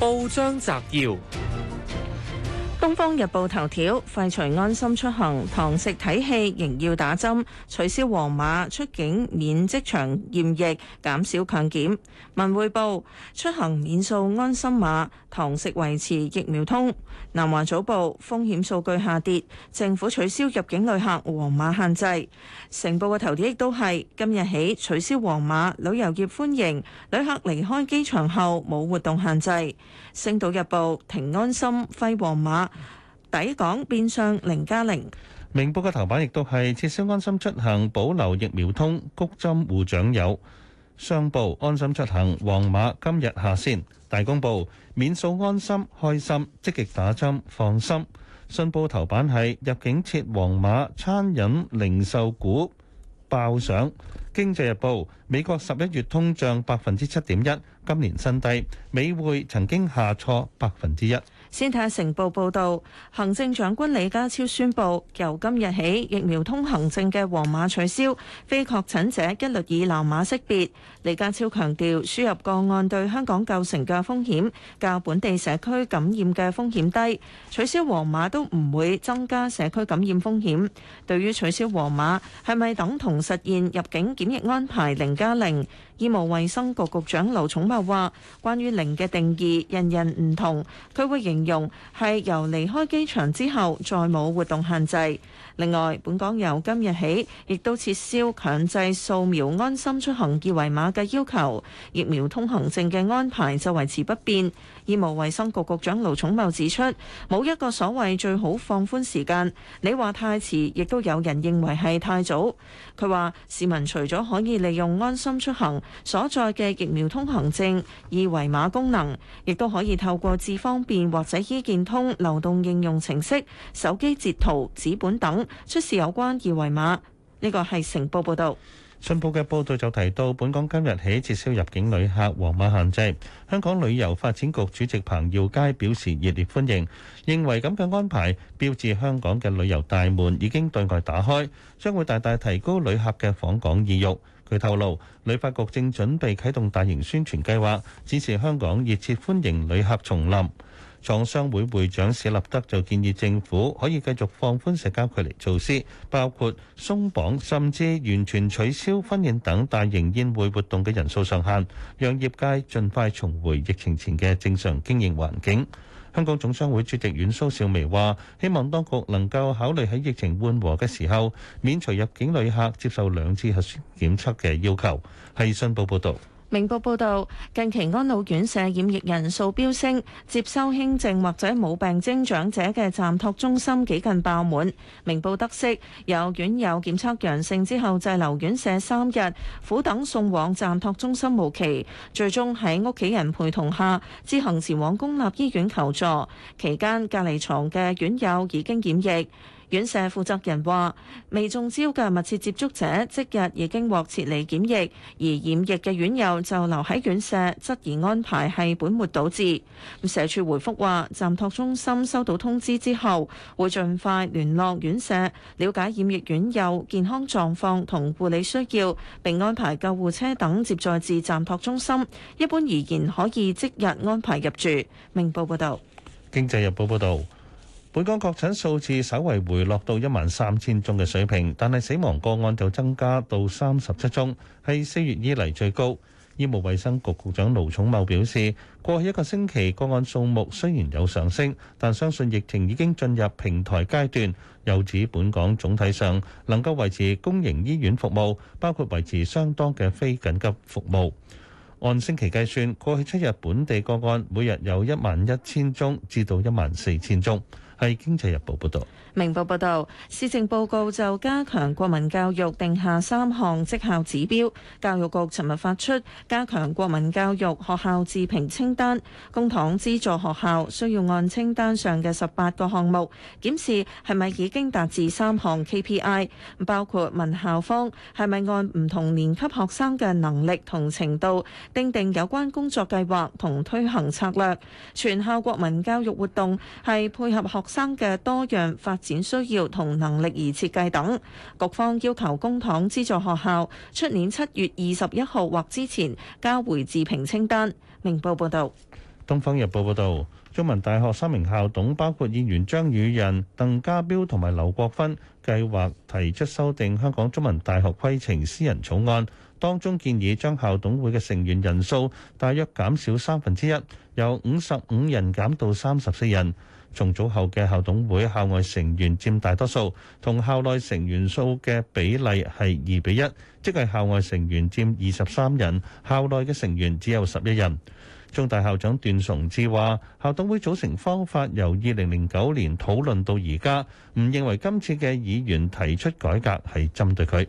報章摘要。東方日報頭條：廢除安心出行，堂食睇戲仍要打針；取消黃碼出境免職場驗疫，減少強檢。文匯報：出行免掃安心碼，堂食維持疫苗通。南華早報：風險數據下跌，政府取消入境旅客黃碼限制。成報嘅頭條亦都係今日起取消黃碼，旅遊業歡迎旅客離開機場後冇活動限制。星島日報：停安心，廢黃碼。抵港變相零加零。明報嘅頭版亦都係撤銷安心出行，保留疫苗通，谷針護長有。商報安心出行，黃碼今日下線。大公報免掃安心，開心積極打針，放心。信報頭版係入境設黃碼，餐飲零售股爆上。經濟日報美國十一月通脹百分之七點一，今年新低。美匯曾經下挫百分之一。先睇下成報報導，行政長官李家超宣佈，由今日起疫苗通行證嘅黃碼取消，非確診者一律以藍碼識別。李家超強調，輸入個案對香港構成嘅風險，較本地社區感染嘅風險低，取消黃碼都唔會增加社區感染風險。對於取消黃碼係咪等同實現入境檢疫安排零加零？0? 醫務衛生局局長盧寵茂話，關於零嘅定義，人人唔同。佢會形容係由離開機場之後，再冇活動限制。另外，本港由今日起，亦都撤銷強制掃描安心出行二維碼嘅要求，疫苗通行證嘅安排就維持不變。醫務衛生局局長盧寵茂指出，冇一個所謂最好放寬時間，你話太遲，亦都有人認為係太早。佢話市民除咗可以利用安心出行所在嘅疫苗通行證二維碼功能，亦都可以透過智方便或者醫健通流動應用程式、手機截圖、紙本等出示有關二維碼。呢個係成報報道。信報嘅報道就提到，本港今日起撤銷入境旅客黃碼限制。香港旅遊發展局主席彭耀佳表示熱烈歡迎，認為咁嘅安排標誌香港嘅旅遊大門已經對外打開，將會大大提高旅客嘅訪港意欲。佢透露，旅發局正準備啟動大型宣傳計劃，支持香港熱切歡迎旅客重臨。創商會會長史立德就建議政府可以繼續放寬社交距離措施，包括鬆綁甚至完全取消婚宴等大型宴會活動嘅人數上限，讓業界盡快重回疫情前嘅正常經營環境。香港總商會主席阮蘇少薇話，希望當局能夠考慮喺疫情緩和嘅時候，免除入境旅客接受兩次核酸檢測嘅要求。係信報報道。明報報導，近期安老院舍染疫人數飆升，接收輕症或者冇病徵長者嘅暫托中心幾近爆滿。明報得悉，有院友檢測陽性之後，滯留院舍三日，苦等送往暫托中心無期，最終喺屋企人陪同下自行前往公立醫院求助。期間隔離床嘅院友已經染疫。院舍負責人話，未中招嘅密切接觸者即日已經獲撤離檢疫，而染疫嘅院友就留喺院舍，質疑安排係本末倒置。社署回覆話暫托中心收到通知之後會盡快聯絡院舍，了解染疫院友健康狀況同護理需要，並安排救護車等接載至暫托中心。一般而言，可以即日安排入住。明報報道，經濟日報報道。本港確診數字稍為回落到一萬三千宗嘅水平，但係死亡個案就增加到三十七宗，係四月以嚟最高。醫務衛生局局長盧寵茂表示，過去一個星期個案數目雖然有上升，但相信疫情已經進入平台階段，又指本港總體上能夠維持公營醫院服務，包括維持相當嘅非緊急服務。按星期計算，過去七日本地個案每日有一萬一千宗至到一萬四千宗。係經濟日報報道。明報報道，施政報告就加強國民教育定下三項績效指標，教育局尋日發出加強國民教育學校自評清單，公帑資助學校需要按清單上嘅十八個項目檢視係咪已經達至三項 KPI，包括問校方係咪按唔同年級學生嘅能力同程度定定有關工作計劃同推行策略，全校國民教育活動係配合學生嘅多樣發展。展需要同能力而設計等，局方要求公帑資助學校出年七月二十一號或之前交回自評清單。明報報道。東方日報報道，中文大學三名校董包括議員張宇仁、鄧家彪同埋劉國芬，計劃提出修訂香港中文大學規程私人草案，當中建議將校董會嘅成員人數大約減少三分之一，由五十五人減到三十四人。重組後嘅校董會校外成員佔大多數，同校內成員數嘅比例係二比一，即係校外成員佔二十三人，校內嘅成員只有十一人。中大校長段崇智話：校董會組成方法由二零零九年討論到而家，唔認為今次嘅議員提出改革係針對佢。《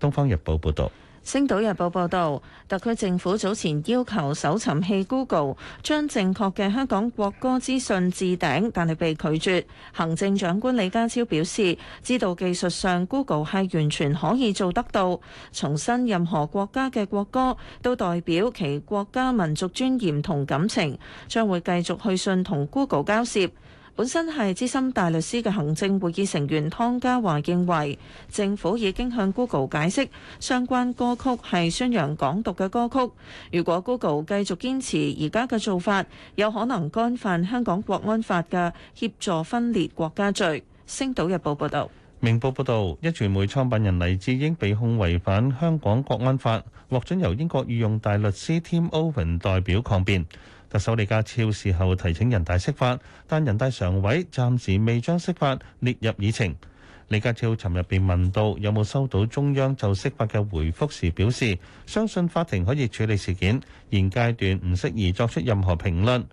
東方日報》報導。星島日報報導，特區政府早前要求搜尋器 Google 將正確嘅香港國歌資訊置頂，但係被拒絕。行政長官李家超表示，知道技術上 Google 係完全可以做得到，重申任何國家嘅國歌都代表其國家民族尊嚴同感情，將會繼續去信同 Google 交涉。本身係資深大律師嘅行政會議成員湯家驊認為，政府已經向 Google 解釋相關歌曲係宣揚港獨嘅歌曲。如果 Google 繼續堅持而家嘅做法，有可能干犯香港國安法嘅協助分裂國家罪。《星島日報》報道，《明報》報道，壹傳媒創辦人黎智英被控違反香港國安法，獲准由英國御用大律師 Tim Owen 代表抗辯。特首李家超事後提請人大釋法，但人大常委暫時未將釋法列入議程。李家超尋日被問到有冇收到中央就釋法嘅回覆時，表示相信法庭可以處理事件，現階段唔適宜作出任何評論。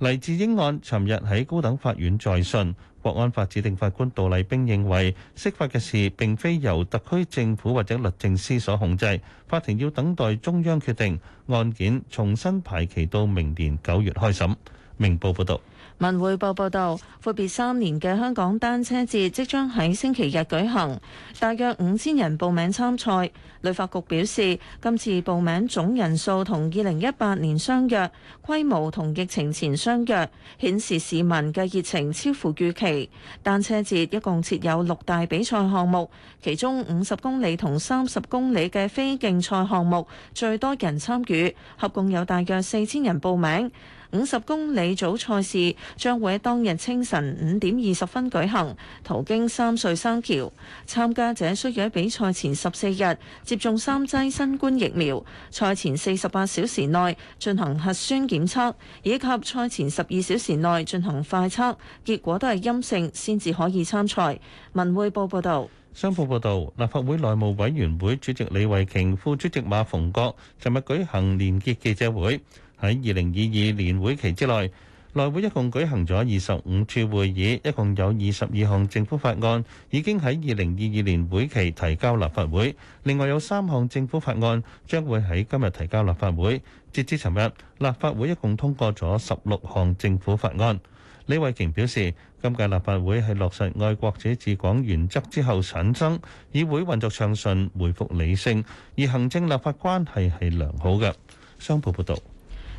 黎智英案，尋日喺高等法院再訊，國安法指定法官杜麗冰認為，釋法嘅事並非由特區政府或者律政司所控制，法庭要等待中央決定。案件重新排期到明年九月開審。明報報道。文匯報報道，闊別三年嘅香港單車節即將喺星期日舉行，大約五千人報名參賽。旅發局表示，今次報名總人數同二零一八年相若，規模同疫情前相若，顯示市民嘅熱情超乎預期。單車節一共設有六大比賽項目，其中五十公里同三十公里嘅非競賽項目最多人參與，合共有大約四千人報名。五十公里組賽事將會喺當日清晨五點二十分舉行，途經三隧三橋。參加者需要喺比賽前十四日接種三劑新冠疫苗，賽前四十八小時內進行核酸檢測，以及賽前十二小時內進行快測，結果都係陰性先至可以參賽。文匯報報道，商報報道，立法會內務委員會主席李慧瓊、副主席馬逢國，尋日舉行連結記者會。喺二零二二年會期之內，內會一共舉行咗二十五次會議，一共有二十二項政府法案已經喺二零二二年會期提交立法會。另外有三項政府法案將會喺今日提交立法會。截至尋日，立法會一共通過咗十六項政府法案。李慧瓊表示，今屆立法會係落實愛國者治港原則之後產生，議會運作暢順，回復理性，而行政立法關係係良好嘅。商報報導。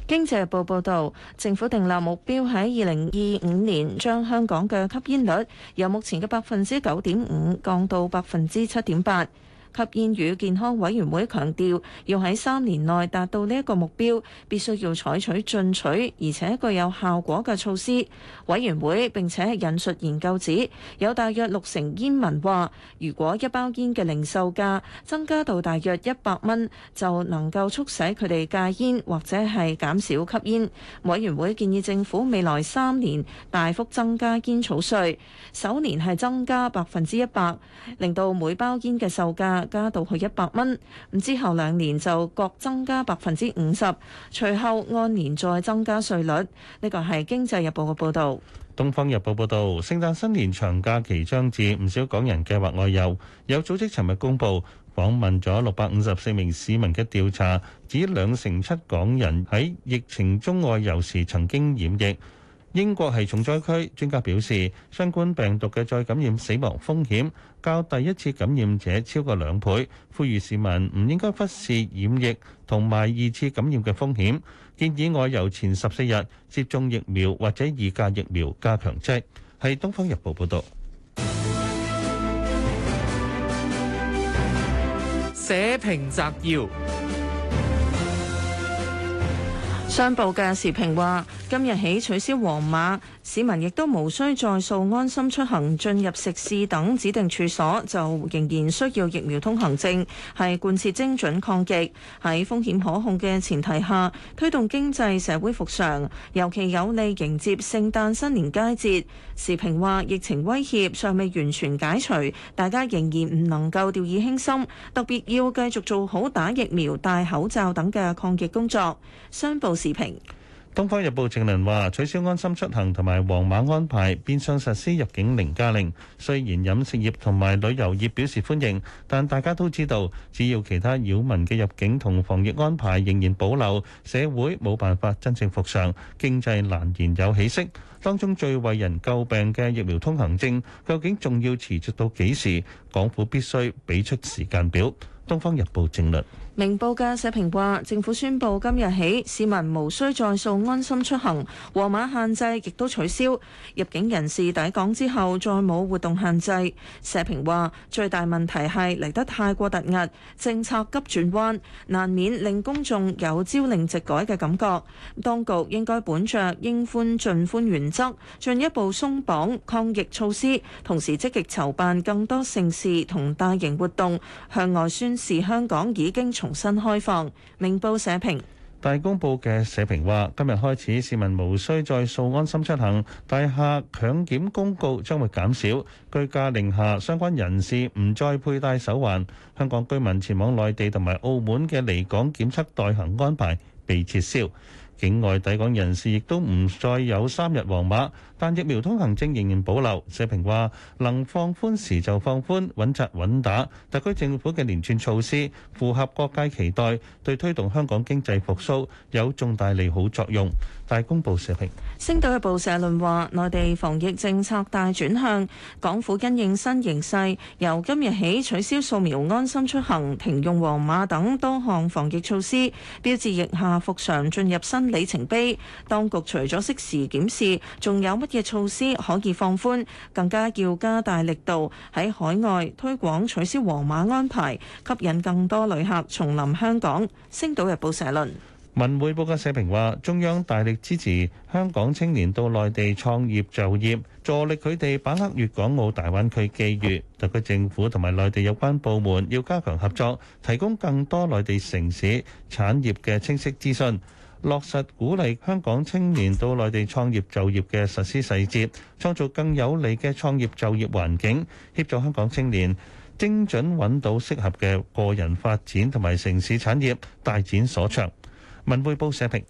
經濟日報報導，政府定立目標喺二零二五年將香港嘅吸煙率由目前嘅百分之九點五降到百分之七點八。吸煙與健康委員會強調，要喺三年內達到呢一個目標，必須要採取進取而且具有效果嘅措施。委員會並且引述研究指，有大約六成煙民話，如果一包煙嘅零售價增加到大約一百蚊，就能夠促使佢哋戒煙或者係減少吸煙。委員會建議政府未來三年大幅增加煙草稅，首年係增加百分之一百，令到每包煙嘅售價，加到去一百蚊，咁之後兩年就各增加百分之五十，隨後按年再增加稅率。呢個係《經濟日報》嘅報道，《東方日報》報道，聖誕新年長假期將至，唔少港人計劃外遊。有組織尋日公布訪問咗六百五十四名市民嘅調查，指兩成七港人喺疫情中外遊時曾經染疫。英國係重災區，專家表示相關病毒嘅再感染死亡風險較第一次感染者超過兩倍，呼籲市民唔應該忽視染疫同埋二次感染嘅風險，建議外遊前十四日接種疫苗或者二價疫苗加強劑。係《東方日報》報導。社評摘要。商報嘅時評話：今日起取消黃碼。市民亦都無需再數安心出行，進入食肆等指定處所，就仍然需要疫苗通行證，係貫徹精準抗疫，喺風險可控嘅前提下推動經濟社會復常，尤其有利迎接聖誕新年佳節。時評話：疫情威脅尚未完全解除，大家仍然唔能夠掉以輕心，特別要繼續做好打疫苗、戴口罩等嘅抗疫工作。商報時評。《東方日報》正論話取消安心出行同埋黃碼安排，變相實施入境零加零。雖然飲食業同埋旅遊業表示歡迎，但大家都知道，只要其他擾民嘅入境同防疫安排仍然保留，社會冇辦法真正復常，經濟難言有起色。當中最為人詬病嘅疫苗通行證，究竟仲要持續到幾時？港府必須俾出時間表。《東方日報》正論。明報嘅社評話，政府宣布今日起市民無需再掃安心出行，黃碼限制亦都取消。入境人士抵港之後再冇活動限制。社評話，最大問題係嚟得太過突兀，政策急轉彎，難免令公眾有朝令夕改嘅感覺。當局應該本着應寬盡寬原則，進一步鬆綁抗疫措施，同時積極籌辦更多盛事同大型活動，向外宣示香港已經重新開放。明報社評。大公報嘅社評話，今日開始，市民無需再數安心出行，大廈強檢公告將會減少，居家令下相關人士唔再佩戴手環，香港居民前往內地同埋澳門嘅離港檢測待行安排被撤銷。境外抵港人士亦都唔再有三日黃碼，但疫苗通行證仍然保留。社評話：能放寬時就放寬，穩紮穩打。特區政府嘅連串措施符合各界期待，對推動香港經濟復甦有重大利好作用。大公報社評。《星島日報》社論話：內地防疫政策大轉向，港府因應新形勢，由今日起取消掃描安心出行、停用黃碼等多項防疫措施，標誌疫下復常進入新里程碑。當局除咗適時檢視，仲有乜嘢措施可以放寬？更加要加大力度喺海外推廣取消黃碼安排，吸引更多旅客重臨香港。星島日報社論。文匯報嘅社評話：中央大力支持香港青年到內地創業就業，助力佢哋把握粵港澳大灣區機遇。特區政府同埋內地有關部門要加強合作，提供更多內地城市產業嘅清晰資訊，落實鼓勵香港青年到內地創業就業嘅實施細節，創造更有利嘅創業就業環境，協助香港青年精準揾到適合嘅個人發展同埋城市產業，大展所長。文匯報社評。